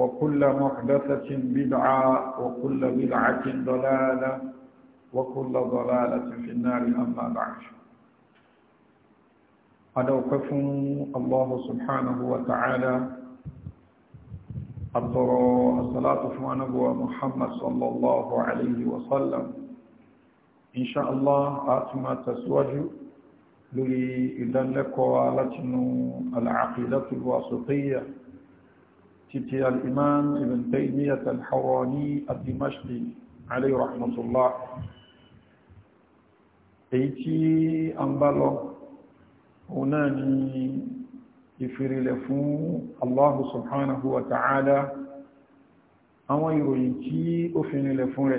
وكل محدثة بدعة وكل بدعة ضلالة وكل ضلالة في النار أما بعد أدوقف الله سبحانه وتعالى أطر الصلاة فوانه محمد صلى الله عليه وسلم إن شاء الله آتما تسوج لإذن لك ولتن العقيدة الواسطية تبتي الإمام ابن تيمية الحراني الدمشقي عليه رحمة الله ايتي أنبالو هناني يفري لفو الله سبحانه وتعالى أما يرويكي أفني لفو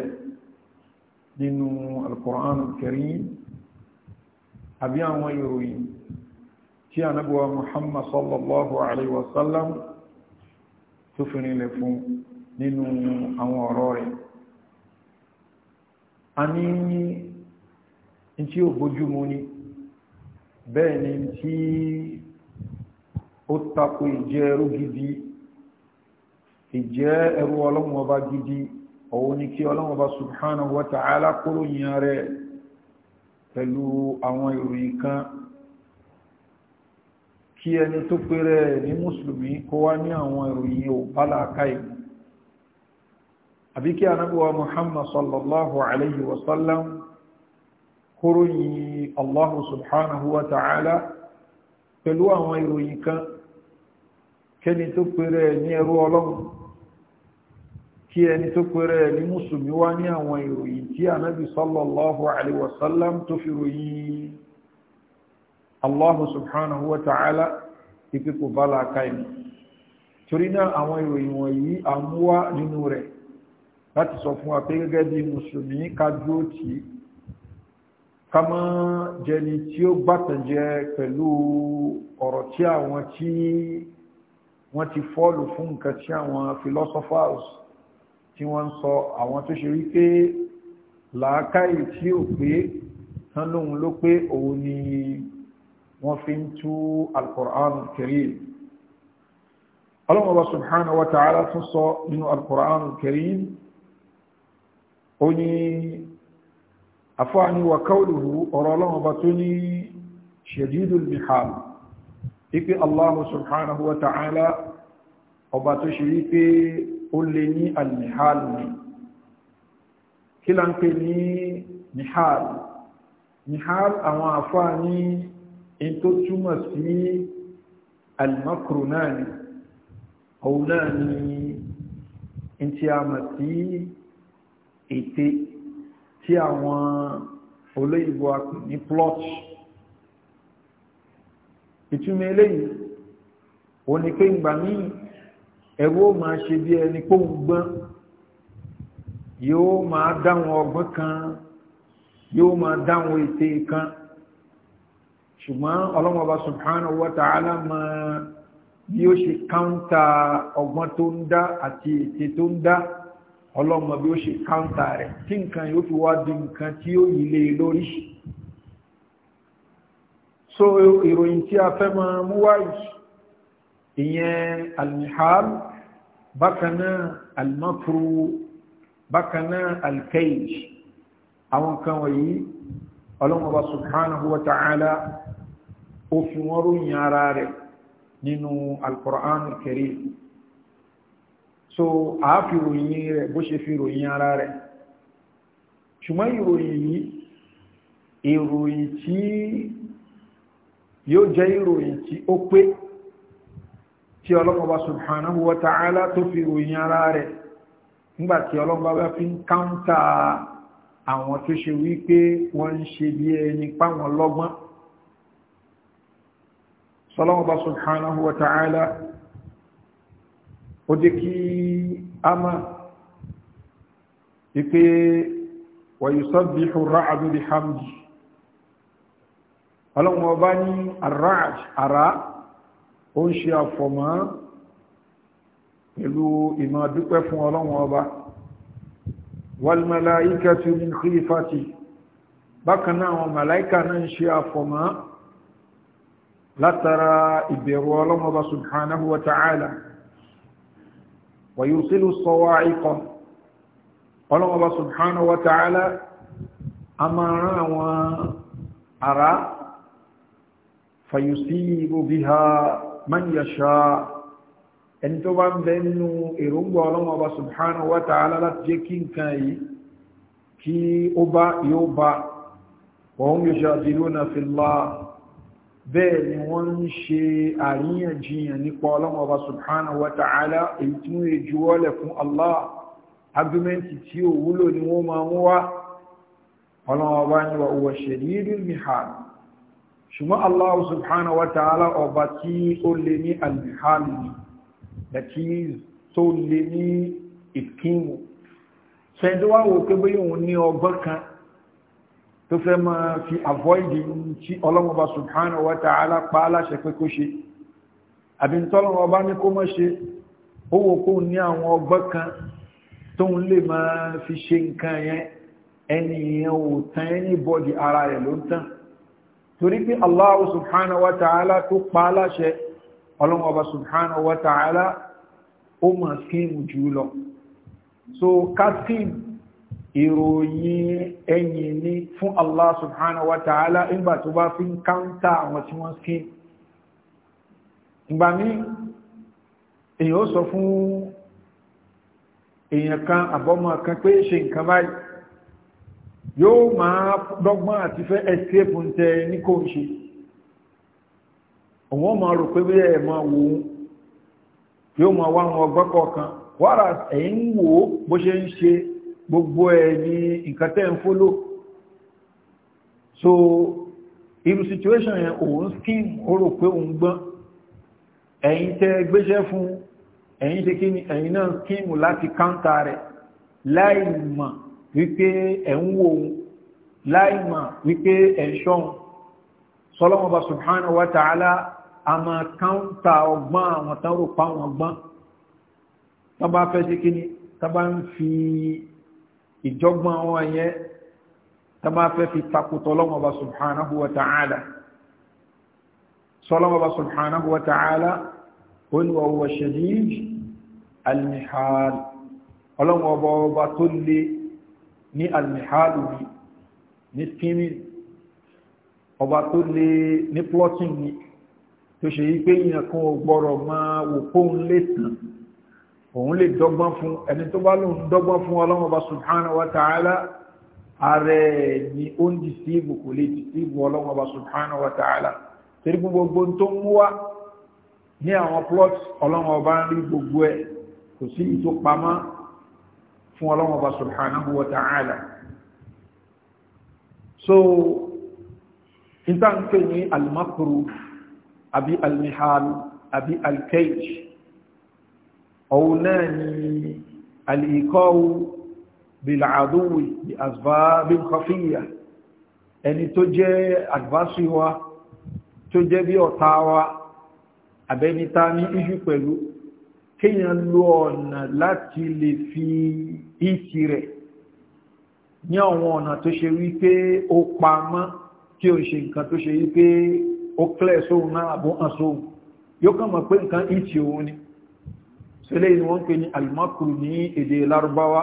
nínú alkùrán kẹrin àbí àwọn ìròyìn tí a nábúwa muhammad sallallahu alaihi wasallam tó fi rinlẹ̀ fún nínú àwọn ọ̀rọ̀ rẹ̀ a ní ní tí ó bójú mu ni bẹ́ẹ̀ ni tí ó tako ìjẹ́ ẹrú gidi ìjẹ́ ẹrú ọlọ́run ọba gidi òun ni kí ọlọ́run ọba subhanahu wa ta'ala kúrò yìn rẹ̀ pẹ̀lú àwọn ìròyìn kan kí ẹni tó pèrè ní mùsùlùmí kó wá ní àwọn ìròyìn ò bálàká ìmú àbí kí anábíwa muhammad sallallahu alaihi wasallam kúrò yí allahu subhanahu wa ta'ala pẹ̀lú àwọn ìròyìn kan kẹni tó pèrè ní ẹrú ọlọ́run kí ẹni tó pèrè ní mùsùlùmí wá ní àwọn ìròyìn tí anábí sallallahu alaihi wasallam tó fi ròyìn Allahu subhanahu wa ta'ala ipe kò bá láàká ìmú torí náà àwọn ìròyìn wọ̀nyí à ń wá nínú rẹ̀ láti sọ fún wa pé gẹ́gẹ́ bí mùsùlùmí ká dúró tì í ká mọ́ jẹni tí ó gbàtànjẹ pẹ̀lú ọ̀rọ̀ tí àwọn tí wọ́n ti fọ́ọ̀lù fún nǹkan tí àwọn philosophers tí wọ́n ń sọ àwọn tó ṣe rí pé làákàyè tí ò pé tán lóhun ló pé òun ni wọ́n fi ń tú al-Qur'an al-Karim Allah subhanahu wa ta'ala tún sọ nínú al-Qur'an al-Karim ó ní afáàní wa qawluhu ọ̀rọ̀ ọlọ́wọ́ba tó ní shadidul mihal ipe Allah subhanahu wa ta'ala ọba tó ṣe wípé ó lè ní al-mihal ni kí la ń pè ní mihal mihal àwọn afáàní in tó túmọ̀ sí almakru náà ni òun náà ni in tí a mọ̀ sí ète tí àwọn olóyìnbó apè ní plot ìtumọ̀ eléyìí ó ní pé ìgbà míì ẹ̀wọ́ máa ṣe bí ẹni pé gbọ́n yóò máa dáwọn ọgbọ́n kan yóò máa dáwọn ète kan ṣùgbọ́n ọlọ́mọba subhanahu wa ta'ala ma bí ó ṣe káńtà ọgbọ́n tó ń dá àti ète tó ń dá ọlọ́mọ bí ó ṣe káńtà rẹ̀ tí nǹkan yóò fi wá di nǹkan tí ó yìí lé e lórí so ìròyìn tí a fẹ́ máa mú wáyé ìyẹn almihal bákanáà almakru bákanáà alkayj àwọn kan wọ̀nyí ọlọ́mọba subhanahu wa ta'ala ó fi wọ́n ròyìn ara rẹ̀ nínú alkùrán kẹrì so a fi ròyìn rẹ̀ bó ṣe fi ròyìn ara rẹ̀ ṣùgbọ́n ìròyìn yìí ìròyìn tí yóò jẹ́ ìròyìn tí ó pé tí ọlọ́mọba subhanahu wa ta'ala tó fi ròyìn ara rẹ̀ nígbàtí ọlọ́mọba fi ń káńtà àwọn tó ṣe wípé wọ́n ń ṣe bí ẹni páwọn lọ́gbọ́n sọlọ́wọ́ba subhanahu wa ta'ala ó jẹ́ kí a máa wípé wa yusabbihu ar-ra'du bihamdi ọlọ́wọ́ba ní ar-ra'd ara ó ń ṣe àfọ̀mọ́ pẹ̀lú ìmọ̀ dúpẹ́ fún ọlọ́wọ́ba wal malaikatu min khifati bákan náà àwọn màláíkà náà ń ṣe àfọ̀mọ́ látara ìbẹ̀rù ọlọ́mọba subhanahu wa ta'ala wa yursilu sawa'iqa ọlọ́mọba subhanahu wa ta'ala a máa rán àwọn ara fayusibu biha man yasha ẹni tó bá ń bẹ nínú èròǹgbà ọlọ́mọba subhanahu wa ta'ala láti jẹ́ kí nǹkan yìí kí ó bá yóò bá wa hum yujadiluna fillah bẹ́ẹ̀ ni wọ́n ń ṣe àríyànjiyàn nípa ọlọ́wọ́ ọba subhanahu wa ta'ala èyí tí wọ́n èjú wọ́lẹ̀ fún allah argumenti tí ó wúlò ni wọ́n máa mú wá ọlọ́wọ́ ọba ni wà huwa shadidul mihal ṣùgbọ́n allah subhanahu wa ta'ala ọba tí ó lè ní al ni àti tó lè ní ìkíwò sẹ́ńdọ́wà pé bóyá òun ní ọgbọ́n kan tó fẹ́ máa fi avoid tí ọlọ́mọba subhanahu wa ta'ala pa aláṣẹ pé kó ṣe àbí tọ́lọ́mọba ní kó mọ́ ṣe ó wò kó ní àwọn ọgbọ́n kan tóun lè máa fi ṣe nǹkan yẹn ẹni yẹn ò tán ẹni bọ́dì ara rẹ̀ ló ń tán torí pé Allah subhanahu wa ta'ala tó pa aláṣẹ ọlọ́mọba subhanahu wa ta'ala ó mọ̀ scheme jù lọ so ká scheme ìròyìn ẹ̀yìn ní fún Allah subhanahu wa ta'ala ìgbà tó bá fi ń káńtà àwọn tí wọ́n sí ìgbà èyàn ó fún èyàn kan àbọ́mọ̀ kan pé ṣe nǹkan báyìí yóò máa dọ́gbọ́n àti fẹ́ escape ń tẹ ní kò ń ṣe òun máa rò pé bí ẹ̀ wò ó yóò kan ẹ̀yìn wò ó bó gbogbo ẹ̀ ní nǹkan tẹ́ ń fóló so irú situation yẹn òun skin ó rò pé òun gbọ́n ẹ̀yin tẹ́ gbéṣẹ́ fún ẹ̀yin ṣe kí ni ẹ̀yin náà skin láti káńtà rẹ̀ láì mọ̀ wípé ẹ̀ ń wò òun láì wípé ẹ̀ ń sọlọ́mọba subhanahu wa ta'ala a máa káńtà ọgbọ́n àwọn tán rò pa àwọn ọgbọ́n tán bá fẹ́ ṣe kí ni tán bá ń fi ìjọgbọ́n wọn yẹn tá máa fẹ́ fi takùtọ̀ lọ́wọ́ bá subhanahu wa ta'ala sọ́lọ́wọ́ bá subhanahu wa ta'ala olùwà wa shadid al-mihal ọlọ́wọ́ bá ọba tó lé ní al-mihal ní skimming ọba tó lé ní plotting ni tó ṣe yí pé ìyàn kan ò gbọ́rọ̀ máa wò kóhun lẹ́sàn òun lè dọ́gbọ́n fún ẹni tó bá lóun dọ́gbọ́n fún ọlọ́run ọba subhanahu wa ta'ala ààrẹ ni ó ń dìsíìbù kò lè dìsíìbù ọlọ́run ọba subhanahu wa ta'ala torí gbogbo tó ń wá ní àwọn plot ọlọ́run ọba ń rí gbogbo ẹ kò sí ìtò fún ọlọ́run ọba subhanahu wa ta'ala so ìtànkè ní alimakuru àbí alimihal àbí alkej òun náà ni alìkọ́wù bìlàdúwì bí asbábí kọfíyà ẹni tó jẹ́ adversary wa tó jẹ́ bí ọ̀tá wa àbẹ́ni ta ní iṣu pẹ̀lú kíyàn lọ ọ̀nà láti lè fi ìtì rẹ̀ ní àwọn ọ̀nà tó ṣe wípé ó pa kí o ṣe nǹkan tó ṣe wípé ó klẹ̀ sóhun náà àbúhàn sóhun yóò kàn mọ̀ pé nǹkan ìtì òun ni sílẹ̀ ni wọ́n pè ní almakru ní èdè lárúbáwá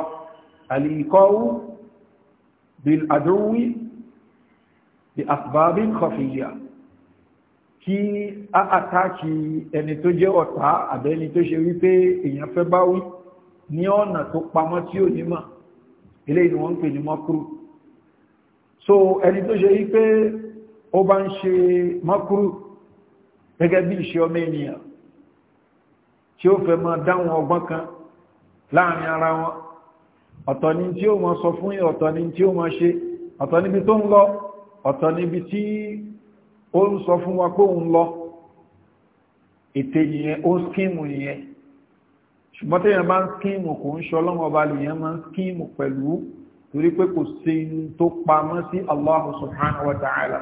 alìkọ́wú bil adúwí bi asbabi kọfíyà kí a àtàkì ẹni tó jẹ́ ọ̀tá àbẹ́ni tó ṣe wípé èèyàn fẹ́ bá wí ní ọ̀nà tó pamọ́ tí ò ní mà ilé ni wọ́n pè ní makru so ẹni tó ṣe wípé ó bá ń ṣe makru gẹ́gẹ́ bí ìṣe ọmọ tí ó fẹ́ máa dáwọn ọgbọ́n kan láàrin ara wọn ọ̀tọ̀ ni tí ó máa sọ fún yín ọ̀tọ̀ ni tí ó máa ṣe ọ̀tọ̀ níbi tó ń lọ ọ̀tọ̀ níbi tí ó ń sọ fún wa pé òun lọ ètè yìnyẹn ó ń skíìmù yìnyẹn ṣùgbọ́n tẹ́yàn bá ń skíìmù kò ń ṣọ lọ́wọ́ ọba lèyàn máa ń skíìmù pẹ̀lú torí pé kò sí ní tó pamọ́ sí Allah subhanahu wa ta'ala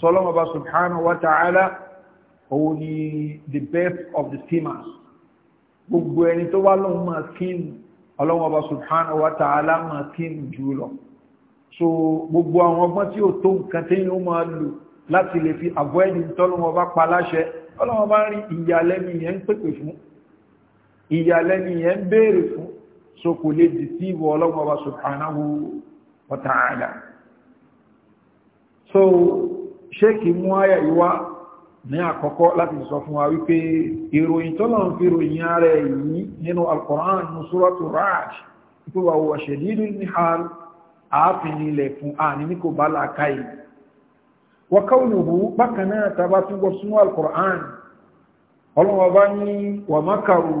sọlọ́wọ́ ọba subhanahu wa ta'ala òun ni the best of the schemers gbogbo ẹni tó wá lóun máa kírun ọlọ́wọ́n ọba subhanahu wa ta'ala máa kírun jù lọ so gbogbo àwọn ọgbọ́n tí ó tó nǹkan tí yóò máa lò láti lè fi avoid tọ́lọ́wọ́n ọba pa láṣẹ ọlọ́wọ́n bá rí ìyàlẹ́nu yẹn ń pèpè fún ìyàlẹ́nu yẹn ń béèrè fún so kò lè dì sí ìwọ ọlọ́wọ́n ọba subhanahu wa ta'ala so ṣé kì í mú àyà yìí wá ní àkọ́kọ́ láti sọ fún wa wípé ìròyìn tọ́lọ̀ ń fi ròyìn ààrẹ yìí nínú alkùnrán ní súrọ́tù raj ipò wà wà ṣèdídù ní hàn áàfin ilẹ̀ fún àní ní kò bá làákàyè wà káwùnùhù bákanáà tàbá tún gbọ́ súnmọ́ alkùnrán ọlọ́wọ́bá ní wà mákàrù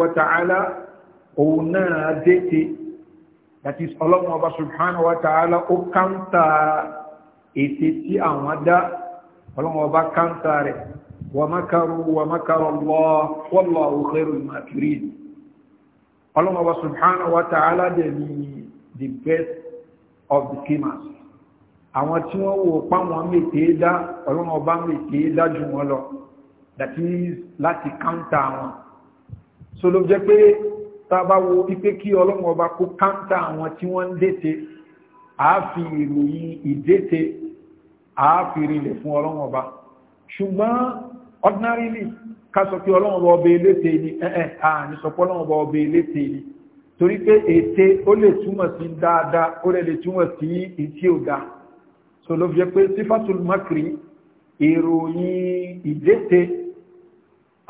wa ta'ala òun náà dété that is ọlọ́run ọba subhanahu wa ta'ala ó káńtà ètè tí àwọn dá ọlọ́run ọba káńtà rẹ̀ wa makaru wa makara Allah wallahu khairul makirin ọlọ́run ọba subhanahu wa ta'ala dẹ̀ ní the best of the schemers àwọn tí wọ́n wò páwọn mètè dá ọlọ́run ọba mètè dá jù wọ́n lọ that is láti káńtà wọn so ló jẹ́ pé tábà wo wípé kí ọlọ́run ọba kó káńtà àwọn tí wọ́n ń dètè àáfi ìròyìn ìdètè àáfi rinlẹ̀ fún ọlọ́run ọba ṣùgbọ́n ordinarily ká sọ pé ọlọ́run ọba ọba eléte ni ẹ̀ẹ́ àní sọ pé ọlọ́run ọba ọba eléte ni torí pé ète ó lè túmọ̀ sí dáadáa ó lè túmọ̀ sí ìtí ò dáa so ló fi jẹ́ pé sífàtúlù mákìrì ìròyìn ìdètè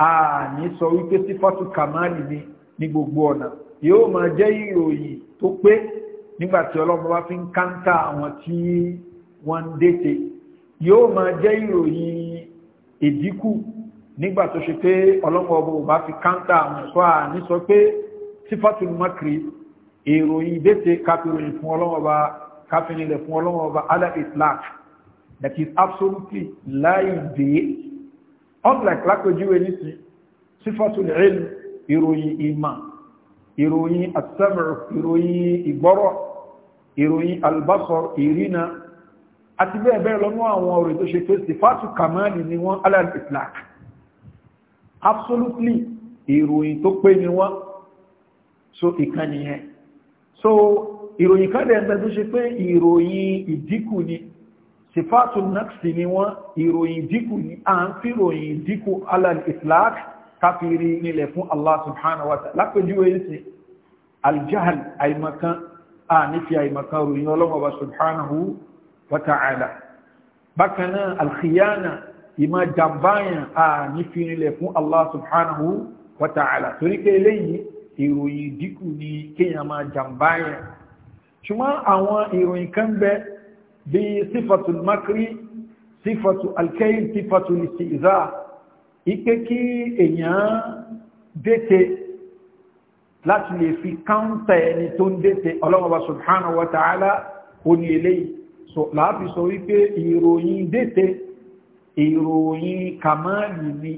àní sọ wípé sífàtúlù kàmáàlì ni ní gbogbo ọ̀nà yóò máa jẹ́ ìròyìn tó pé nígbàtí ọlọ́run bá fi ń káńtà àwọn tí wọ́n ń déte yóò máa jẹ́ ìròyìn ìdínkù nígbà tó ṣe pé ọlọ́run ọba ò bá fi káńtà àwọn ẹ̀ṣọ́ àní sọ pé sífàtún makri ìròyìn déte káfíìròyìn fún ọlọ́run ọba káfíìrìnlẹ̀ fún ọlọ́run ọba ala itlaq that is absolutely láì dé unlike lápèjúwe nísìn sífàtún ilm ìròyìn ìmà ìròyìn àtẹ́mẹ̀rẹ̀ ìròyìn ìgbọ́rọ̀ ìròyìn albasor ìrìnà àti bẹ́ẹ̀ bẹ́ẹ̀ lọ́nà àwọn ọ̀rẹ́ tó ṣe pé sífàtù kàmáàlì ni wọ́n alal itlaq absolutely ìròyìn tó pé ni wọ́n so ìkànnì yẹn so ìròyìn kan dẹ̀ ń bẹ tó ṣe pé ìròyìn ìdínkù ni sífàtù naqsi ni wọ́n ìròyìn ìdínkù ni à ń fi ìròyìn ìdínkù alal itlaq káfíìrí nílẹ̀ fún Allah subhanahu wa ta'ala lápẹjúwe ń sìn aljahal àìmọ̀kan a nífi àìmọ̀kan ròyìn ọlọ́mọba subhanahu wa ta'ala bákan náà alkhiyana ìmọ̀ jàmbáyàn a nífi nílẹ̀ fún Allah subhanahu wa ta'ala torí pé eléyìí ìròyìn dínkù ní kéèyàn máa jàmbáyàn ṣùgbọ́n àwọn ìròyìn kan bẹ bí sífàtù makri sífàtù alkayin sífàtù lìsì ipé kí èèyàn dété láti lè fi káńtà ẹni tó ń dété ọlọ́wọ́ba subhanahu wa ta'ala ó ní eléyìí so láàfi sọ wípé ìròyìn dété ìròyìn kàmáàlì ni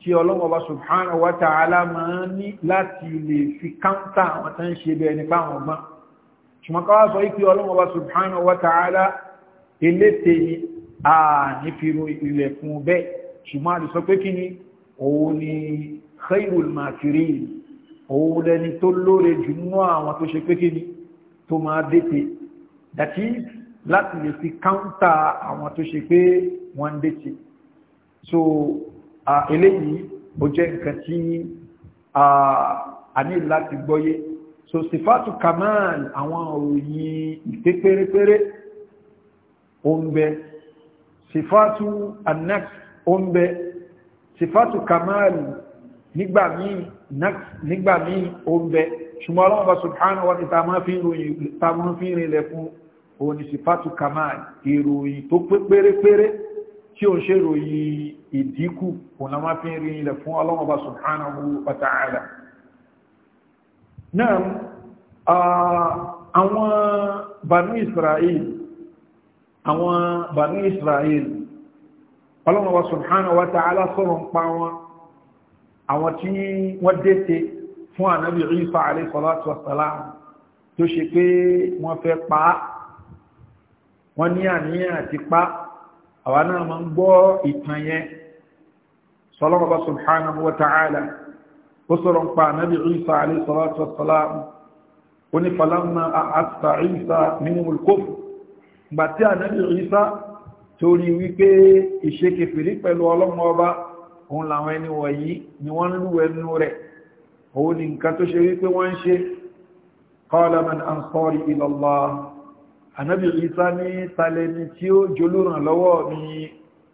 tí ọlọ́wọ́ba subhanahu wa ta'ala máa ní láti lè fi káńtà àwọn tán ṣe bẹ́ẹ̀ ṣùgbọ́n a lè sọ pé kí ni òun ni khairul makirin òun lẹni tó lóore jù nínú àwọn tó ṣe pé kí ni tó máa dètè that is láti lè fi káńtà àwọn tó ṣe pé wọ́n ń dètè so eléyìí ó jẹ́ nǹkan tí a ní láti gbọ́yé so sifatu kamal àwọn òyìn ìpé pérépéré ó ń bẹ sifatu annex ó ń bẹ sifatu kamal nígbà míì nígbà míì ó ń bẹ ṣùgbọ́n ọlọ́run bá subhanahu wa ta máa fi ròyìn ta máa fi rìnlẹ̀ fún òun ni sifatu kamal ìròyìn tó pé pérépéré tí ó ń ṣe ròyìn ìdínkù òun la máa fi rìnlẹ̀ fún ọlọ́run bá subhanahu wa ta'ala náà àwọn banu israel àwọn banu israel ọlọ́run wa subhanahu wa ta'ala sọ̀rọ̀ ń pa wọn àwọn tí wọ́n dẹ́tẹ̀ fún ànábì Isa alayhi salatu wa salam tó ṣe pé wọ́n fẹ́ pa á wọ́n ní àníyàn àti pa àwa náà máa ń gbọ́ ìtàn yẹn sọlọ́run wa subhanahu wa ta'ala ó sọ̀rọ̀ ń pa ànábì Isa alayhi salatu wa ó ní falamma a'asta Isa minhu al-kufr ànábì Isa torí wípé ìṣekèfèrí pẹ̀lú ọlọ́mọ ọba òun làwọn ẹni wọ̀nyí ni wọ́n ń lú ẹnu rẹ̀ òun ni nǹkan tó ṣe wípé wọ́n ń ṣe qala man ansari ila Allah anábì Isa ní talẹni tí ó jolúràn lọ́wọ́ mi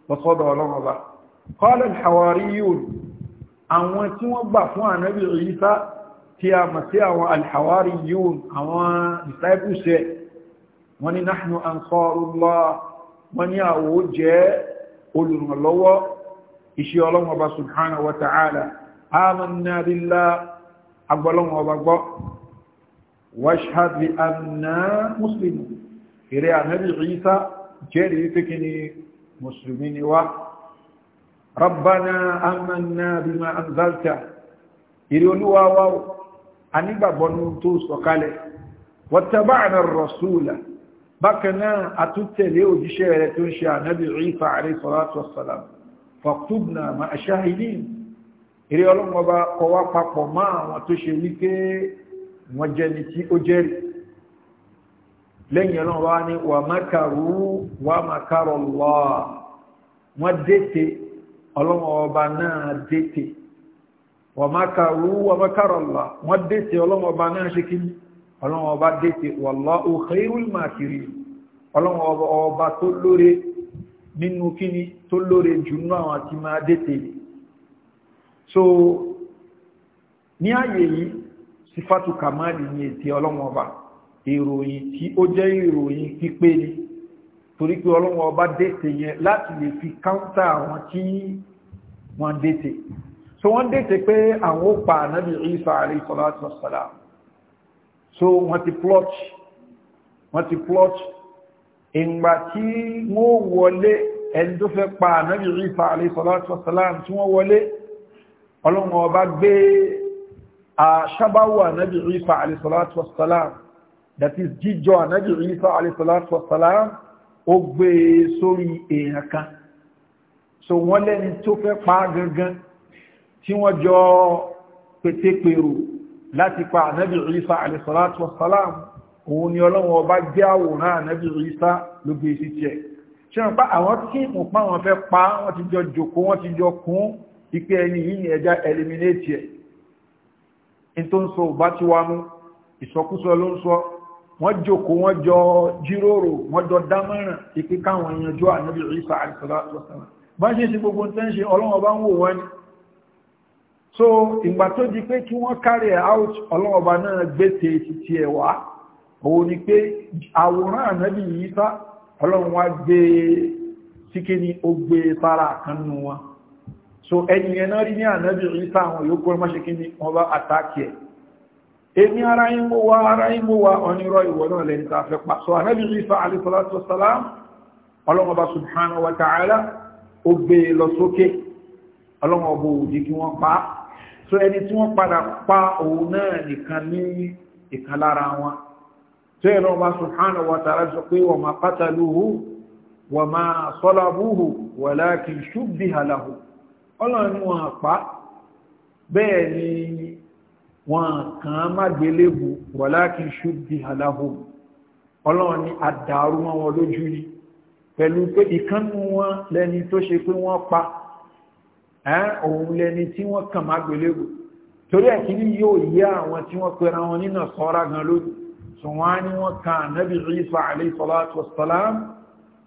lọ́sọ́dọ̀ ọlọ́mọ ọba qala al wọ́n ní àwò jẹ́ olùrànlọ́wọ́ iṣẹ́ ọlọ́run ọba subhanahu wa ta'ala amanna billah agbọ́lọ́run ọba gbọ́ washhad bi anna muslimun ìrẹ́ ànábì Ìsá jẹ́rìí pé kí ni mùsùlùmí ni wá rabbana amanna bima anzalta ìrẹ́ olúwa bákanáà àtúntẹ̀lé òjíṣẹ́ rẹ̀ tó ń ṣe ànábì Ìsá alayhi salatu wassalam faktubna ma ashahidin eré ọlọ́mọba kọwa papọ̀ mọ́ àwọn tó ṣe wípé wọ́n jẹni tí ó jẹ́rì lẹ́yìn ọlọ́mọba ni wa makaru wa makara Allah wọ́n dẹ́tẹ̀ ọlọ́mọba náà dẹ́tẹ̀ wa makaru wa makara Allah wọ́n dẹ́tẹ̀ ọlọ́mọba náà ṣe kí ni ọlọ́run ọba dètè wallahu khairul makirin ọlọ́run ọba tó lóore nínú kíni tó lóore jù nínú àwọn àti máa dètè so ní ààyè yìí sífàtù kàmáàlì ní ètè ọlọ́run ọba ìròyìn tí ó jẹ́ ìròyìn pípé ni torí pé ọlọ́run ọba dètè yẹn láti lè fi káńtà àwọn tí wọ́n dètè so wọ́n dètè pé àwọn ó pa ànábì Isa alayhi salatu wassalam so wọ́n ti plot wọ́n ti plot ìgbà tí wọ́n wọlé ẹni tó fẹ́ pa ànábì rífà àlẹ́sọ̀látọ̀sálàm tí wọ́n wọlé ọlọ́run ọba gbé àṣábáwò ànábì rífà àlẹ́sọ̀látọ̀sálàm that is jíjọ ànábì rífà àlẹ́sọ̀látọ̀sálàm ó gbé e sórí èèyàn kan so wọ́n lẹ́ni tó fẹ́ pa gangan tí wọ́n jọ pétépèrò láti pa ànábì Ìsá àlẹ́sọ̀láàtù wàsálàm òun ni ọlọ́run ọba jẹ́ àwòrán ànábì Ìsá ló gbé sí tiẹ̀ ṣe wọn pa àwọn tí mo pa wọn fẹ́ pa wọn ti jọ jòkó wọn ti jọ kún ipe ẹni yìí ni ẹja eliminate ẹ̀ in tó ń sọ ò bá ti wá mú ìsọkúsọ ló ń sọ wọ́n jòkó wọ́n jọ jíròrò wọ́n jọ dámọ̀ràn ipe káwọn yanjú ànábì Ìsá àlẹ́sọ̀láàtù wàsálàm so ìgbà tó di pé kí wọ́n carry out ọlọ́ọ̀bá náà gbèsè títí ẹ̀ wá òun ni pé àwòrán ànábì yìí sá ọlọ́run wá gbé síké ní ó gbé sára àkànnù wọn so ẹni yẹn náà rí ní ànábì yìí sá àwọn yòókù ọmọ ṣe kí ni wọ́n bá àtàkì ẹ̀ èmi ara yín mú wa ara yín mú wa onírọ̀ ìwọ náà lẹ́yìn tá a fẹ́ pa so ànábì yìí sá alayhi salatu wassalam ọlọ́run ọba subhanahu wa ta'ala ó gbé e lọ sókè ọlọ́run ọba òjì kí wọ́n pa á so ẹni tí wọ́n padà pa òun náà nìkan ní ìkan lára wọn tó ẹ̀rọ ọba subhanahu wa ta'ala sọ pé wa ma qataluhu wa ma salabuhu walakin shubbiha lahu wọ́n pa bẹ́ẹ̀ ni wọ́n kàn má gbélébu ọlọ́run ni àdàrú wọn lójú ni pẹ̀lú pé ìkànnù wọn lẹ́ni tó ṣe pé wọ́n pa òun lẹni tí wọ́n kàn má gbélébù torí ẹ̀kí ní yóò yí àwọn tí wọ́n pẹ̀rẹ̀ wọn nínà sọ́ra gan lójú so wọ́n ní wọ́n kàn ànábì Ìsá alayhi salatu wassalam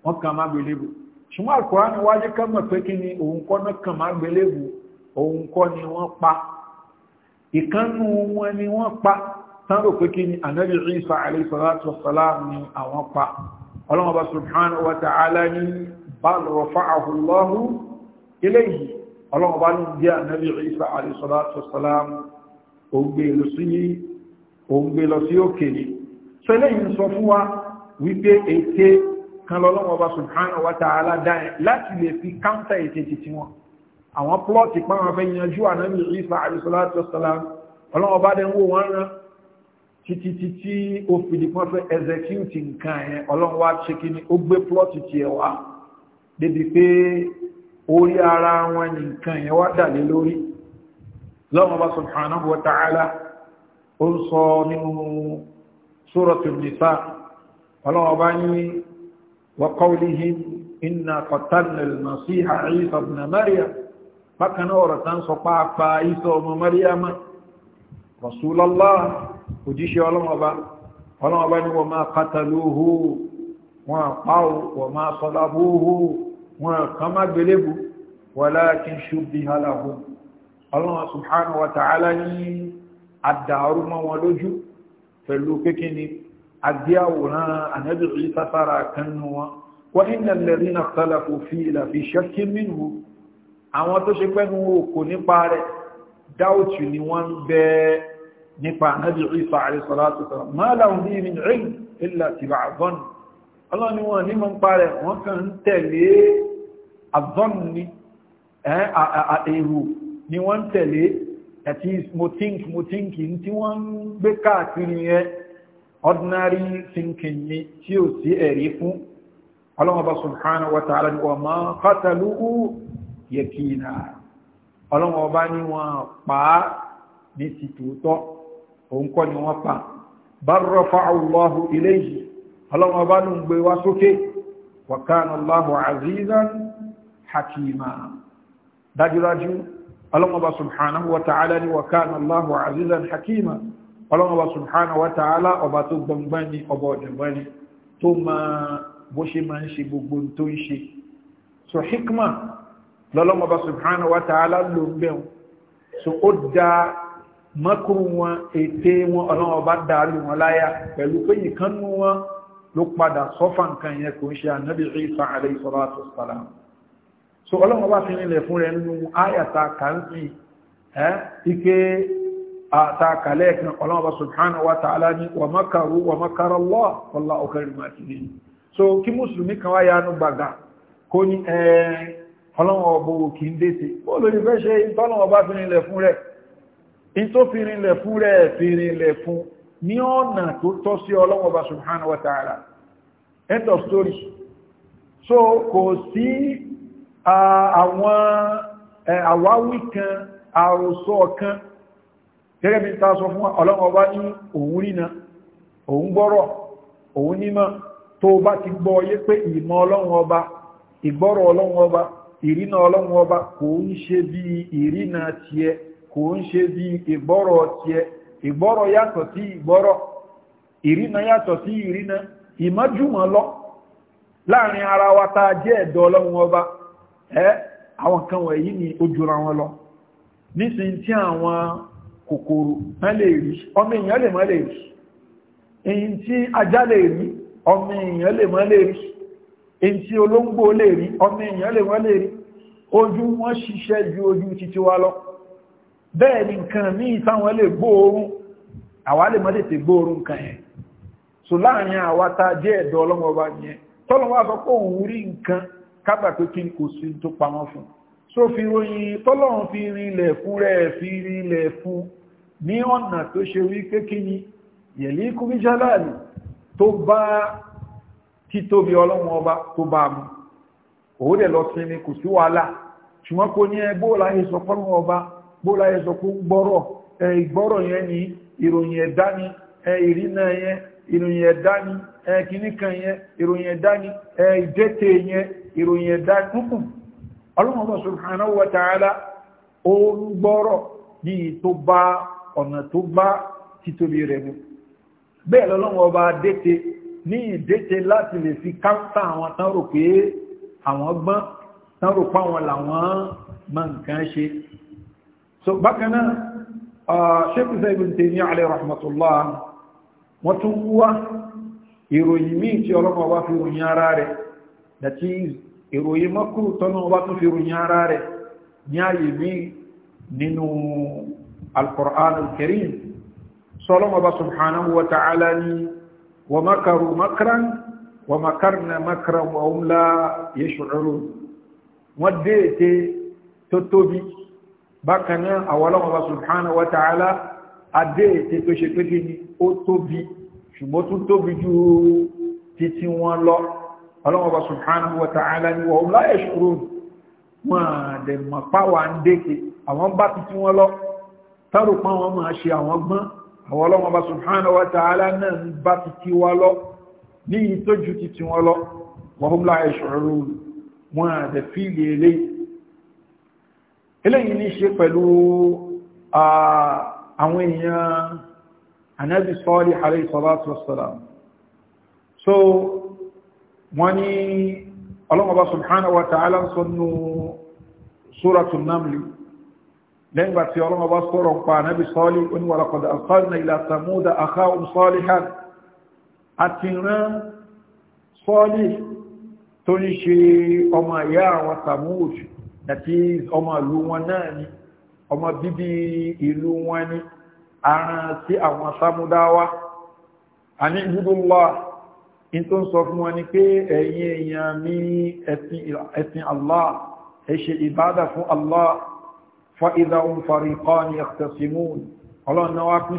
wọ́n kàn má gbélébù ṣùgbọ́n Al-Qur'ani wá jẹ́ ká mọ̀ pé kí ni òun kọ́ náà kàn má gbélébù òun kọ́ ni wọ́n pa ìkánnú ọlọ́run bá ní jẹ́ ànábì Ìsá alayhi salatu wassalam ògbé lọ sí ògbé lọ sí òkè ní sẹ́lẹ̀ yìí sọ fún wa wípé ète kan lọ́lọ́run bá subhanahu wa ta'ala dáyẹ̀ láti lè fi káńtà ète títí wọn àwọn plọ́ọ̀tì pàwọn fẹ́ yanjú ànábì Ìsá alayhi salatu wassalam ọlọ́run bá dẹ̀ ń wò wọ́n orí ara wọn ni nǹkan yẹn wá dà lé lórí lọ́wọ́ bá subhanahu wa ta'ala ó ń sọ nínú suratul nisa ọlọ́wọ́ bá ní wa qawlihim inna qatalna al-masiha isa ibn maryam bákan náà ọ̀rọ̀ tán sọ pàápàá wọn kan má gbélébù walakin shubbiha lahum Allah subhanahu wa ta'ala ní àdàrú mọ́ wọn lójú pẹ̀lú pékí ni àgbéyàwòrán ànábì Ìsá sára kanú wọn wa inna alladhina ikhtalafu fihi lafi shakkin minhu àwọn tó ṣe pẹ́nu òkò nípa rẹ̀ dáòtù ni wọ́n bẹ nípa ànábì Ìsá alayhi salatu wa ọlọ́ni wọn ní mọ́ ń parẹ̀ wọ́n kàn ń tẹ̀lé àzọ́nù ni èrò ni wọ́n ń tẹ̀lé àti motink motink tí wọ́n ń gbé káàkiri yẹn ordinary thinking ni tí ò sí ẹ̀rí fún ọlọ́mọba subhanahu wa ta'ala ni wọ́n máa qataluhu yakina ọlọ́mọba ni wọ́n pa á ní ti tòótọ́ òun kọ́ ni wọ́n pa bal rafa'allahu ilayhi ọlọ́run ọba ló ń gbé wá sókè wa kana Allahu azizan hakima dájúdájú ọlọ́run ọba subhanahu wa ta'ala ni wa kana Allahu azizan hakima ọlọ́run ọba subhanahu wa ta'ala ọba tó gbọmgbọ́n ni ọba ọ̀dẹ̀gbọ́n ni tó máa bó ṣe máa ń ṣe gbogbo tó ń ṣe so hikma lọ́lọ́run ọba subhanahu wa ló ń bẹ̀rùn so ó dáa mọ́kùn wọn ète wọn ọlọ́run ọba dáa lù wọn láyà pẹ̀lú pé ìkànnù wọn ló padà sọ́fà nǹkan yẹn kò ń ṣe ànábì Isa alayhi salatu wassalam so ọlọ́run bá fi nílẹ̀ fún rẹ̀ nínú ayàta kàńtì ẹ́ ike àtàkàlẹ̀ kan ọlọ́run bá subhanahu wa ta'ala ní wa makaru wa makara Allah wallahu khairul makirin ní ọ̀nà tó tọ́ sí Ọlọ́hun Ọba subhanahu wa ta'ala end of story so kò sí àwọn àwáwí kan àròsọ kan gẹ́gẹ́ bí ta sọ fún Ọlọ́hun Ọba ní òun rína òun gbọ́rọ̀ òun nímọ̀ tó bá ti gbọ́ yé pé ìmọ̀ Ọlọ́hun Ọba ìgbọ́rọ̀ Ọlọ́hun Ọba ìrìnà Ọlọ́hun Ọba kò ń ṣe bí ìrìnà tiẹ̀ kò ń ṣe bí ìgbọ́rọ̀ tiẹ̀ ìgbọ́rọ̀ yàtọ̀ tí ìgbọ́rọ̀ ìrìnà yàtọ̀ tí ìrìnà ìmọ́júmọ̀ lọ láàrin ara wa ta jẹ́ ẹ̀dọ́ ọlọ́run ọba ẹ́ àwọn kan èyí ni ó jura wọn lọ nísìn tí àwọn kòkòrò má lè rí ju ojú titi wa lọ bẹ́ẹ̀ ni nǹkan míì táwọn lè gbóòórùn àwa lè má tètè gbóòórùn nǹkan yẹn so láàrin àwa tá a jẹ́ ẹ̀dọ́ ọlọ́mọba yẹn tọ́lọ́mọba sọ òun rí nǹkan kábà n kò sí tó pamọ́ fún so fi ròyìn tọ́lọ́run fi rin ilẹ̀ fún fi rin ilẹ̀ ní ọ̀nà tó ṣe wí pé kí ni yẹ̀lí tó bá títóbi ọlọ́mọba tó bá mu òun dẹ̀ lọ sinmi kò sí wàhálà ṣùgbọ́n kò ní ẹgbó láyé bóla ẹ sọ pé ń gbọ́rọ̀ ìgbọ́rọ̀ yẹn ni ìròyìn ẹ̀dá ni ìrìnà yẹn ìròyìn ẹ̀dá ni kìníkan yẹn ìròyìn ẹ̀dá ni yẹn ìròyìn ẹ̀dá kúkù ọlọ́mọ̀bọ̀ subhanahu wa ta'ala ó ń gbọ́rọ̀ ní tó bá ọ̀nà tó bá títóbi rẹ̀ mú bẹ́ẹ̀ dẹ́tẹ̀ ní ìdẹ́tẹ̀ láti lè fi káńtà àwọn tán rò pé àwọn gbọ́n tán rò pé àwọn làwọn nǹkan ṣe so bákanáà ṣékù uh, Ibn Taymiyyah alayhi rahmatullah wọ́n tún wá ìròyìn míì tí ọlọ́mọ wá fi ròyìn ara rẹ̀ that is ìròyìn mọ́kúrù tọ́nà wá tún fi ròyìn ara rẹ̀ ní ààyè míì nínú al-Qur'an al bá subhanahu wa ta'ala ni wa makaru makran wa makarna makran wa hum la wọ́n dé ète tó tóbi bákan náà àwọn ọlọ́mọba subhanahu wa ta'ala adé ètè tó ṣe pé kí ni ó tóbi ṣùgbọ́n tún tóbi ju títí wọn lọ ọlọ́mọba subhanahu wa ta'ala ni wọ́n la yash'urun wọn àdè mọ̀ páwà ń dékè àwọn bá títí wọn lọ tárò pọ́n wọn máa ṣe àwọn gbọ́n àwọn ọlọ́mọba subhanahu wa náà bá títí wọn lọ ní ìtọ́jú títí wọn lọ wọ́n la yash'urun wọn àdè fíìlì eléyìí eléyìí ní ṣe pẹ̀lú àwọn èèyàn anábi sọ́ọ̀lì alayhi salatu wassalam so wọ́n ní ọlọ́mọba subhanahu wa ta'ala ń sọ́nù sóràtún namli lẹ́yìnbà tí ọlọ́mọba sọ́rọ̀ ń pa anábi sọ́ọ̀lì wa laqad arsalna ila samuda akhahum salihan àti that is ọmọ ìlú wọn náà ni ọmọ bíbí ìlú wọn ni aran sí àwọn sámúdáwá àní ìbúdúlọ́ in tó ń sọ fún wọn ni pé ẹ̀yin èèyàn mi ẹ̀sìn Allah ẹ ṣe ìbádà fún Allah fa idha hum fariqani yaqtasimun ọlọ́nà wá kú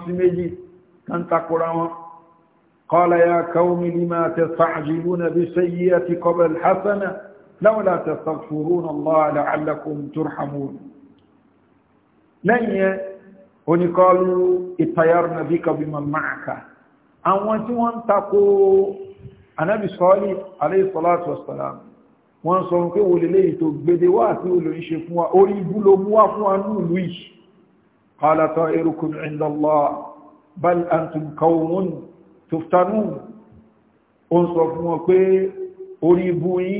لولا تستغفرون الله لعلكم ترحمون لن ونقالوا اطيرنا بك بمن معك àwọn tí wọ́n ń takò anábì sọ́ọ́lì aléìsọ́láàtù ọ̀sọ̀láàmù wọ́n sọ pé wò lè léyìí tó gbede wá àti olóyìn ṣe fún wa orí ibú ló mú wá fún wa ìlú yìí kálátọ̀ erukum indallá bal antum qawmun tuftanun ó ń sọ fún wọn pé orí ibú yìí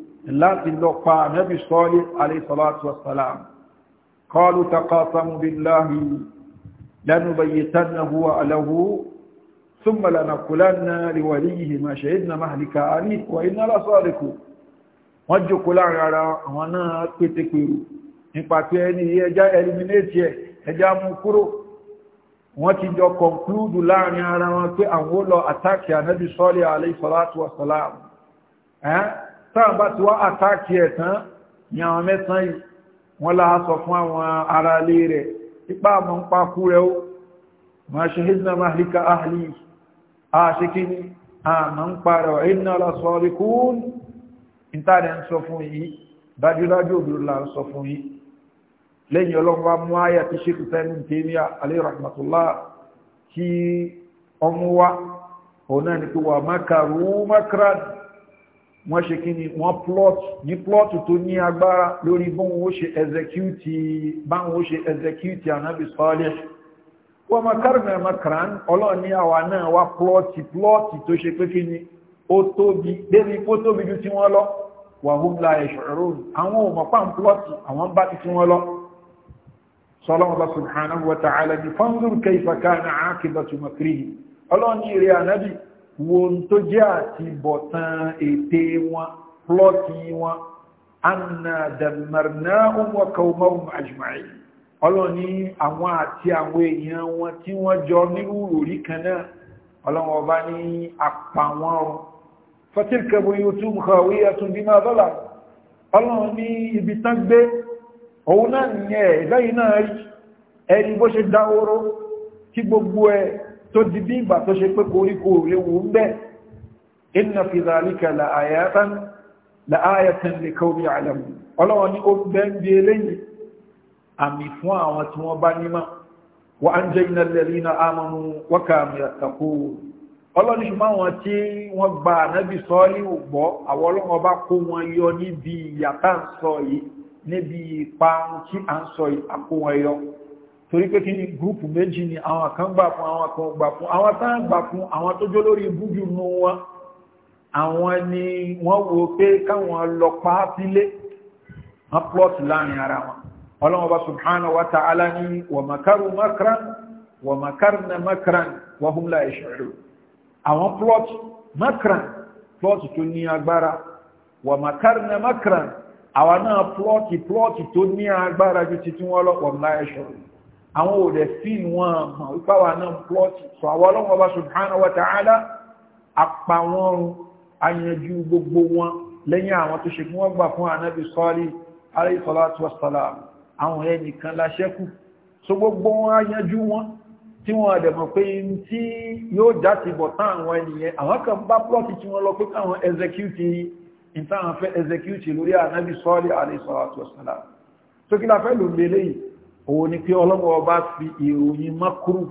láti lọ pa ànábì sọ́lé aléṣọ́látù wasalam kọlu takọ́sàmù bí láhì lẹ́nu bayi tánàhù aláhù ثم لنقلن لوليه ما شهدنا مهلك عليه وإنا لصادقون wọ́n jòkó láàrin ara àwọn náà pétépèrò nípa pé ẹni ẹjá eliminate ẹ ẹjá mú kúrò wọ́n ti jọ conclude láàrin ara wọn pé àwọn ó lọ attack ànábì sọ́lẹ̀ alayhi salatu táwọn bá ti wá àtàkì ẹ̀ tán ni àwọn mẹ́sàn yìí wọ́n láà sọ fún àwọn ará ilé rẹ̀ ipá àmọ́ ń pakú rẹ̀ ó ma ṣe hìdínà máa ríka ahìlì àṣíkí ni àmọ́ ń parẹ̀ ìrìnà lásọ̀ríkún ìtàdẹ̀ ń sọ fún yìí dájúdájú òbúrú ń sọ fún yìí wọ́n ṣe kí ni wọ́n plot ní plot tó ní agbára lórí bóhun ó ṣe execute báhun ó ṣe execute anábì sọ́ọ́lẹ̀ wọ́n ma kárùn-ún ẹ̀mọ́kàrán ọlọ́run ní àwa náà wá plot plot tó ṣe pé kí ni ó tóbi débi ó tóbi ju tí wọ́n lọ wà hum la yash'urun àwọn ò mọ̀ pa ń plot àwọn bá ti tí wọ́n lọ sọ́lọ́run bá subhanahu wa ta'ala ni fanzur kayfa kana aqibatu makrihi ọlọ́run ní ìrẹ́ wo tó jẹ́ àti bọ̀tán ète wọn plọ́tì wọn anna damarnahum wa qawmahum ajma'in ọlọ́run ní àwọn àti àwọn èèyàn wọn tí wọ́n jọ nírú òrí kan náà ọlọ́run ọba ní apá wọn o fatilka buyutum khawiyatun bima dọ́là ọlọ́run ibi tán gbé òun náà nìyẹn ẹ̀dá yìí náà ẹni bó ṣe dáhóró kí gbogbo ẹ̀ tó di bí ìgbà tó ṣe pé koríko òrewò ń bẹ́ inna fi zalika la ayatan la ayatan li qawmi ya'lamun ọlọ́wọ́ ní ó bẹ́ ń bí eléyìí àmì fún àwọn tí wọ́n bá nímọ̀ wa anjayna alladhina amanu wa kanu yattaqun ọlọ́ni ń sọ yìí níbi ipa tí à ń torí pé kí ní gúrùpù méjì ni àwọn kan gbà fún àwọn kan gbà fún àwọn tán gbà fún àwọn tó jó lórí gúgù nù wọn àwọn ni wọ́n wo pé káwọn lọ pa á sílé wọ́n plọ́t láàrin ara wọn ọlọ́wọ́ bá subhanahu wa ta'ala ni wa makran wa makarna makran wa hum la àwọn plọ́t makran plọ́t tó ní agbára wa makarna makran àwọn náà plọ́t plọ́t tó ní agbára ju titun wọ́n lọ wa àwọn òdẹ̀ fíìmù wọn mọ̀ wípá wà náà plọ́tì sọ àwọn ọlọ́wọ́ bá subhanahu wa ta'ala apá wọn ayanjú gbogbo wọn lẹ́yìn àwọn tó ṣe kí wọ́n gbà fún ànábì sọ́ọ́lì alayhi salatu wassalam àwọn ẹ̀ nìkan láṣẹ́kù so gbogbo wọn ayanjú wọn tí wọ́n àdẹ̀mọ̀ pé tí yóò já ti bọ̀ kí la fẹ́ lò lélẹ́yìí òun ni pé ọlọ́wọ́ ọba fi ìròyìn mọ́kúrù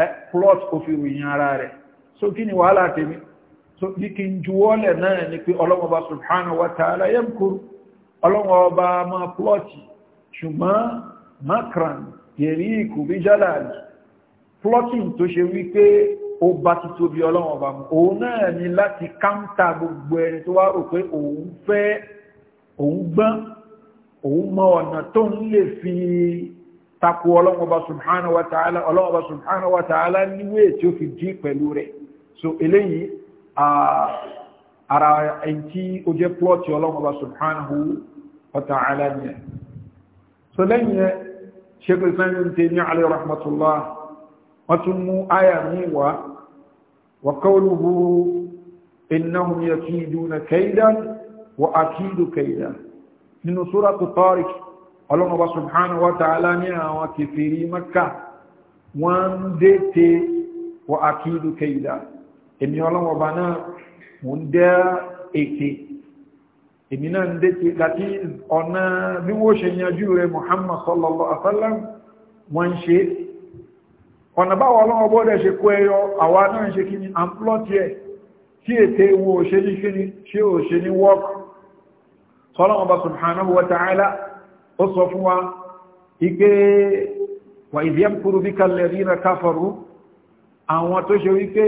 ẹ́ plot ó fi ròyìn ara rẹ̀ so kí ni wàhálà tèmi so bí kí n juwọ́lẹ̀ náà ni pé ọlọ́wọ́ ọba subhanahu wa ta'ala yamkuru ọlọ́wọ́ ọba ma plot ṣùgbọ́n makran yẹ̀rí ikú bí jálàlì plotting tó ṣe wípé ó bá ti tóbi ọlọ́wọ́ ọba mu òun náà ni láti káńtà gbogbo ẹni tó wá rò pé òun fẹ́ òun gbọ́n òun mọ ọ̀nà tó ń lè fi takò ọlọ́mọba subhanahu wa ta'ala ọlọ́mọba subhanahu wa ta'ala níwé tí ó fi dí pẹ̀lú rẹ̀ so eléyìí ara ẹni tí ó jẹ́ plọ́ọ̀tì ọlọ́mọba subhanahu wa ní alẹ́ rahmatullah wọ́n tún mú àyà nínú suratu Tariq ọlọ́mọba subhanahu wa ta'ala ní àwọn kèfèrí Mẹ́kà wọ́n ń dẹ́tẹ̀ wa akidu kaida èmi ọlọ́mọba náà mò ń dẹ́ ètè èmi náà ń dẹ́tẹ̀ láti ọ̀nà bí wọ́n ṣe yanjú rẹ̀ Muhammad sallallahu alaihi wasallam wọ́n ń ṣe ọ̀nà báwọn ni àmplọ́tí sọ́lọ́wọ́n bá subhanahu wa ta'ala ó sọ fún wa ike wà ìdíyàm kúrú bí kalladhina kafaru àwọn tó ṣe wípé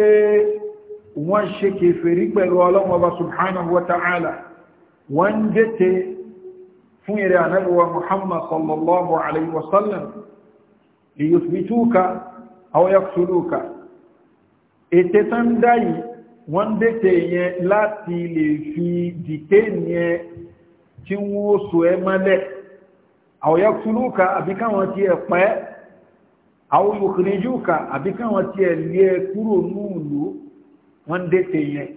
wọ́n ṣe kèfèrí pẹ̀lú ọlọ́wọ́n bá subhanahu wa ta'ala wọ́n jẹ́tẹ̀ fún ìrẹ̀ ànábíwa muhammad sallallahu alaihi wasallam liyuthbituka aw tí wọ́n so ẹ mọ́lẹ̀ àwọn ya túnúkà àbí káwọn ti ẹ̀ pẹ́ àwọn yòkìrìjúkà àbí káwọn ti ẹ̀ lé ẹ kúrò núùlù wọ́n dé tè yẹn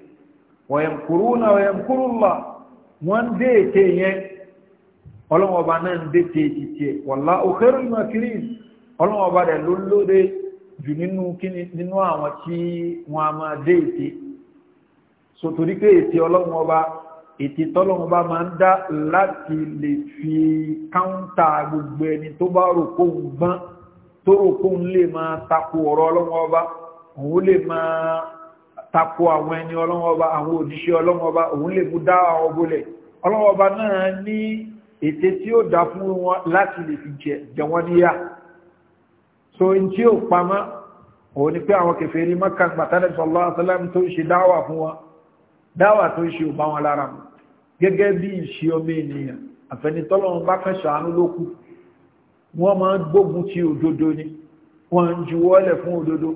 wọ̀yẹ̀mkúrú náà wọ̀yẹ̀mkúrú lọ wọ́n dé tè yẹn ọlọ́wọ́n ọba náà ń dé tè títí ẹ̀ wọ̀lá òkèrè ìmọ̀ kiri ọlọ́wọ́n ọba ló lóde jù nínú kíni nínú àwọn tí wọ́n a máa dé ète sotori pé ète ọlọ́wọ́n ètì tọ́lọ́run bá máa ń dá láti lè fi káńtà gbogbo ẹni tó bá rò kó ń gbọ́n tó rò kó ń lè máa tako ọ̀rọ̀ ọlọ́wọ́n ọba òun lè máa tako àwọn ẹni ọlọ́wọ́n ọba àwọn òjíṣẹ́ ọlọ́wọ́n ọba òun lè mú dá àwọn bolẹ̀ ọlọ́wọ́n ọba náà ní ètè tí ó dá fún wọn láti lè fi jẹ wọ́n níyà so n tí ó pamọ́ òun ni pé àwọn kẹfẹ́ ní mọ́kàn gbàtàdẹ́sọ̀lọ́ àtàlámi tó ń ṣe dáwà tó ń ṣe ò bá wọn lára mu gẹ́gẹ́ bí ìṣe ọmọ ènìyàn àfẹnitọ́lọ́run bá fẹ́ ṣàánú lókù wọ́n máa ń gbógun ti òdodo ni wọ́n ń juwọ́lẹ̀ fún òdodo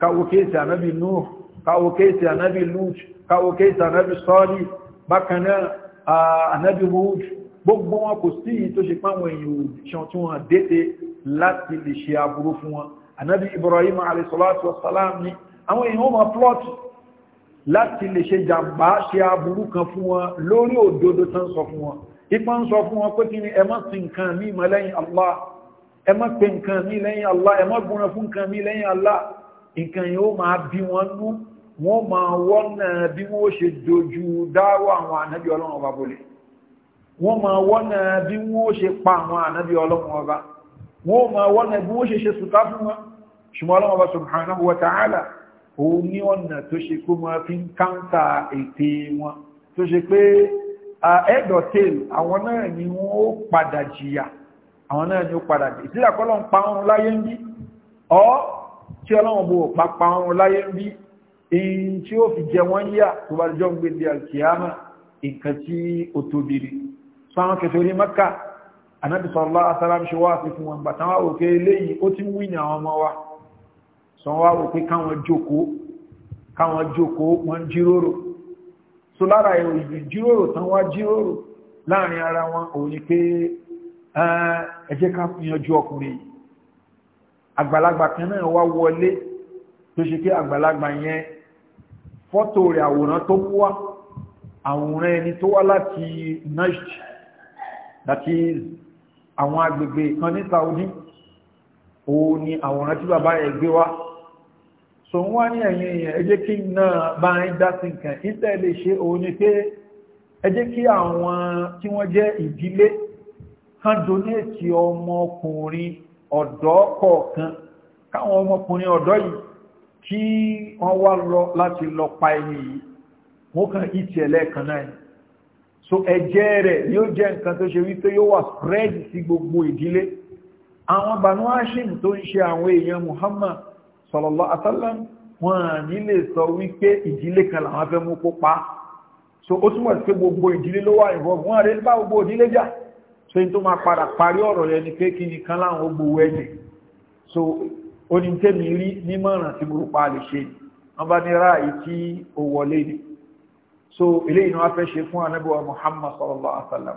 káwo kéèsì ànábì nuh káwo kéèsì ànábì lut káwo kéèsì ànábì sọ́ọ̀lì bákan náà ànábì hud gbogbo wọn kò sí tó ṣe páwọn èèyàn òṣìṣàn tí wọ́n dédé láti lè ṣe aburú fún wọn ànábì ibrahim alayhi salatu wassalam ni àwọn èèyàn wọn máa láti lè ṣe jàmbá ṣe aburú kan fún wọn lórí òdodo tán sọ fún wọn ipa ń sọ fún wọn pé kí ni ẹ má sin nǹkan Allah ẹ má pe nǹkan mí lẹ́yìn Allah ẹ má gúnra fún nǹkan mí lẹ́yìn Allah nǹkan yìí ó máa bí wọn nú wọn máa wọ́nà bí wọ́n ṣe dojú dáwọ́ àwọn ànábì ọlọ́run ọba bolè wọ́n máa wọ́nà bí wọ́n ṣe pa àwọn ànábì ọlọ́run ọba wọ́n máa wọ́nà bí wọ́n ṣe ṣe sùtá fún wọn ṣùgbọ́n ọlọ́run ọba subhanahu wa ta'ala òun ní ọ̀nà tó ṣe kó mọ́ fi ń káńtà ètè wọn tó ṣe pé ẹ̀dọ̀tẹ̀l àwọn náà ni wọ́n ó padà jìyà àwọn náà ni ó padà jìyà sílẹ̀ kọ́lọ̀ ń pa ọrùn láyé ń bí ọ́ tí ọlọ́run bò pa pa ọrùn láyé ń bí èyí tí ó fi jẹ wọ́n yíyà tó bá jọ ń gbé di alkiyama nǹkan tí ó tóbi rí sọ àwọn kẹfẹ́rí mẹ́ka anábìsọ̀rọ̀lá asálàmṣẹ́wà àti fún wọn gbàtàwà òkè eléyìí ó ti ń wí ní àwọn ọmọ wa so wọ́n wá wò pé káwọn jókòó káwọn jókòó wọ́n jíròrò so lára ìjíròrò tán wá jíròrò láàrin ara wọn òun ni pé ẹ jẹ́ ká yanjú ọkùnrin yìí àgbàlagbà kan náà wá wọlé tó ṣe pé àgbàlagbà yẹn fọ́tò rẹ̀ àwòrán tó mú wá àwòrán ẹni tó wá láti nash that is àwọn agbègbè kan ní Saudi òun ni àwòrán tí bàbá ẹ̀ gbé wá so wọ́n ní ẹ̀yìn èèyàn ẹ jẹ́ kí náà bá ń dá sí nǹkan ìtẹ́ lè ṣe òun ni pé ẹ jẹ́ kí àwọn tí wọ́n jẹ́ ìdílé kan donate ọmọkùnrin ọ̀dọ́ kọ̀ọ̀kan káwọn ọmọkùnrin ọ̀dọ́ yìí kí wọ́n wá lọ láti lọ pa ẹni yìí wọ́n kàn ìtì ẹlẹ́ẹ̀kan náà ni so ẹ̀jẹ̀ rẹ̀ yóò jẹ́ nǹkan tó ṣe wípé yóò wà spread sí gbogbo ìdílé àwọn Banu Hashim tó ń ṣe àwọn èèyàn Muhammad sallallahu alaihi wasallam wọn ní lè sọ wípé ìdílé kan làwọn fẹ́ mú kó pa so ó túnmọ̀ sí pé gbogbo ìdílé ló wà ìwọ̀n wọn rẹ̀ bá gbogbo ìdílé jà so yí tó máa padà parí ọ̀rọ̀ yẹn ni pé kí ni kan láwọn gbowó ẹ̀jẹ̀ so ó ní tẹ́mi rí nímọ̀ràn tí mo pa lè ṣe wọn bá ní ráàyè tí ó wọlé ni so Muhammad sallallahu alaihi wasallam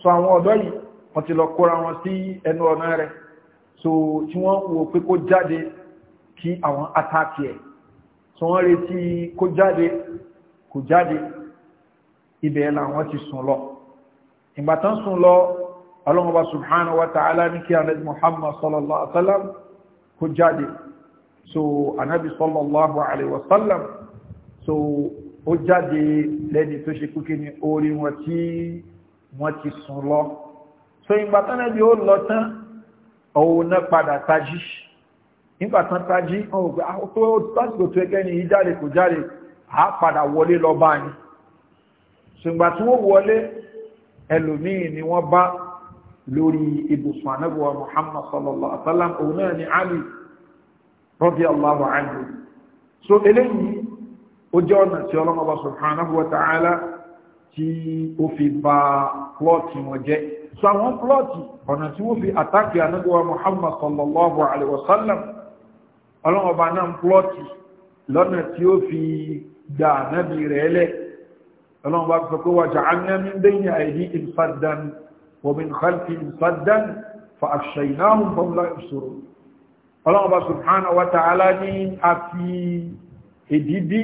so àwọn ọ̀dọ́ yìí wọ́n ti lọ kóra wọn sí ẹnu ọ̀nà rẹ̀ so tí wọ́n wò pé kó jáde kí àwọn atáàkì ẹ̀ tí wọ́n retí kó jáde kò jáde ibẹ̀ làwọn ti sùn lọ ìgbà tán sùn lọ ọlọ́run ọba subhanahu wa ta'ala ní kí anabi muhammad sallallahu alaihi wa sallam kó jáde so anabi sallallahu alaihi wa sallam so ó jáde lẹ́ni tó ṣe kúkẹ́ ní orí wọn tí wọ́n ti sùn lọ so ìgbà tán ẹbí ó lọ tán òun náà padà tají nígbàtán tají wọn ò pé ah, tó tásìkò tó ẹgẹ́ ni ìjáde kò jáde a padà wọlé lọ bá ní ṣùgbọ́n tí wọ́n wọlé ẹlòmíì ni wọ́n bá lórí ibùsùn anábùwà muhammad sallallahu alaihi wa sallam òun náà ni ali radiyallahu anhu so eléyìí ó jẹ́ ọ̀nà tí ọlọ́mọba subhanahu wa ọlọ́run ọba náà ń plọ́ọ̀tì lọ́nà tí ó fi gbà nábì rẹ̀ lẹ̀ ọlọ́run ọba sọ pé wàjà áńgámi bẹ́yìn àìdí ìfàdán wọ̀mìn khalfi ìfàdán fa àṣàyìnáhùn fọ́mùlá ìṣòro ọlọ́run ọba subhanahu wa ta'ala ní a fi èdìdí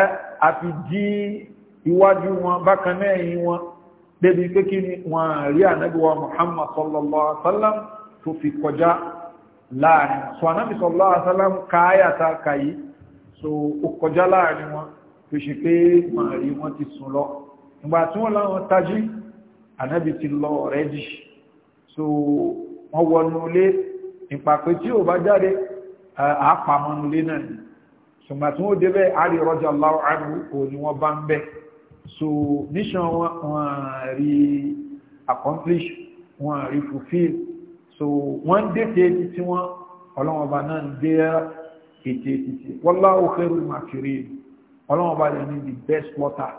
ẹ́ a dí iwájú wọn bákan náà yìí wọn débi pé wọn rí ànábì muhammad sallallahu alaihi wa tó fi kọjá láàrin so anábì sallallahu alaihi wasallam káyàtà kàyí so ó kọjá láàrin wọn tó ṣe pé màrí wọn ti sùn lọ nígbà tí wọ́n láwọn tají anábì ti lọ rẹ́dì so wọ́n wọnú ilé nípa pé tí ò bá jáde àápamọ́ ilé náà ni ṣùgbà tí wọ́n débẹ̀ àrí rọ́jà láwọ́ àrùn òní wọ́n bá ń bẹ́ so mission wọn rí accomplish wọn rí fulfill so wọ́n dẹ́tẹ̀ títí wọn ọlọ́wọ́n bá náà dé ètè títí wallahu khairul makirin ọlọ́wọ́n bá yẹn ní the best water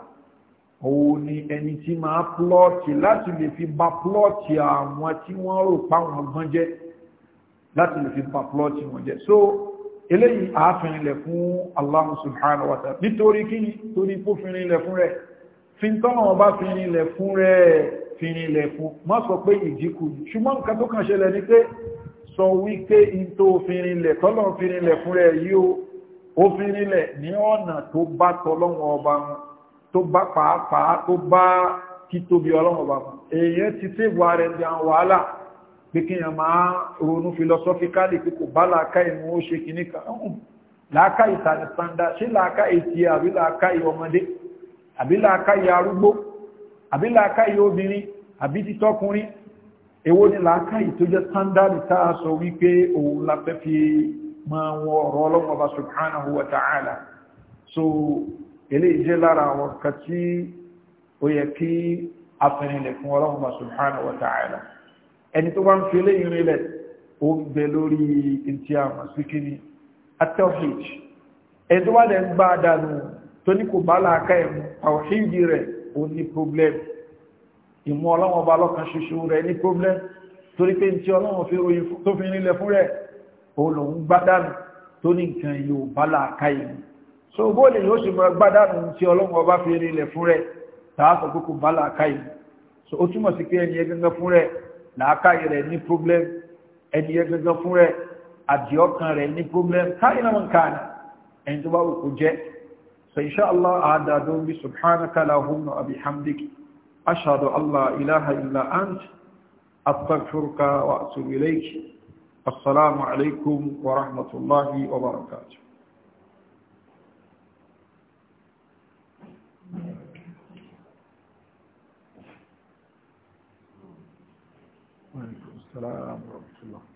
òun ni ẹni tí máa plọ́ọ̀tì láti lè fi ba plọ́ọ̀tì àwọn tí wọ́n rò pa wọn gan jẹ́ láti lè fi ba plọ́ọ̀tì wọn jẹ́ so eléyìí àáfin ilẹ̀ fún Allah subhanahu wa ta'ala nítorí kí nítorí kó fi rin ilẹ̀ fún rẹ̀ fi ń tọ́nà ọba fi rin ilẹ̀ fún rẹ̀ fi rinlẹ̀ fún má sọ pé ìdínkù ṣùgbọ́n nǹkan tó kàn ṣẹlẹ̀ ni pé sọ wípé in tó fi rinlẹ̀ tọ́lọ̀ fi rinlẹ̀ fún rẹ̀ yí ó fi rinlẹ̀ ní ọ̀nà tó bá tọ́lọ́wọ́ ọba wọn tó bá pàápàá tó bá títóbi ọlọ́wọ́ ọba wọn èèyàn ti tẹ́bù rẹ̀ di àwọn wàhálà pé arúgbó àbí làákàyè obìnrin àbí títọ́kùnrin èwo ni làákàyè tó jẹ́ sándàdì táà sọ wípé òun la fẹ́ fi máa wọ ọ̀rọ̀ ọlọ́wọ́ subhanahu wa ta'ala so eléyìí jẹ́ lára àwọn kan tí ó yẹ kí afẹnilẹ̀ fún ọlọ́wọ́ subhanahu wa ta'ala ẹni tó bá ń fi eléyìí rinlẹ̀ ó ń bẹ lórí ìtì àmà síkíní atọ́fíj ẹni tó bá dẹ̀ ń gbá dànù tó ní kò bá làákàyè mu tawhidi rẹ̀ ó ní problem ìmú ọlọ́wọ́n ọba lọ́kan ṣoṣo rẹ̀ ní problem torí pé tí ọlọ́wọ́n fi ròyìn tó fi rinlẹ̀ fún rẹ̀ òun lòun gbádànù tó ní nǹkan yóò bá làákà yìí so bó lè yóò ṣe mọ gbádànù tí ọlọ́wọ́n ọba fi rinlẹ̀ fún rẹ̀ tààsọ̀ kókò bá làákà yìí so ó túmọ̀ sí pé ẹni ẹgbẹ́gbẹ́ fún rẹ̀ làákà yìí rẹ̀ ní problem ẹni ẹgbẹ́gbẹ́ fún rẹ̀ àdìọ́kan rẹ̀ ní problem káyìn náà ń kàn ẹni tó bá wù kó jẹ́ فإن شاء الله أعدادون بسبحانك اللهم حمدك أشهد أن لا إله إلا أنت أستغفرك وأسر إليك السلام عليكم ورحمة الله وبركاته وعليكم السلام ورحمة الله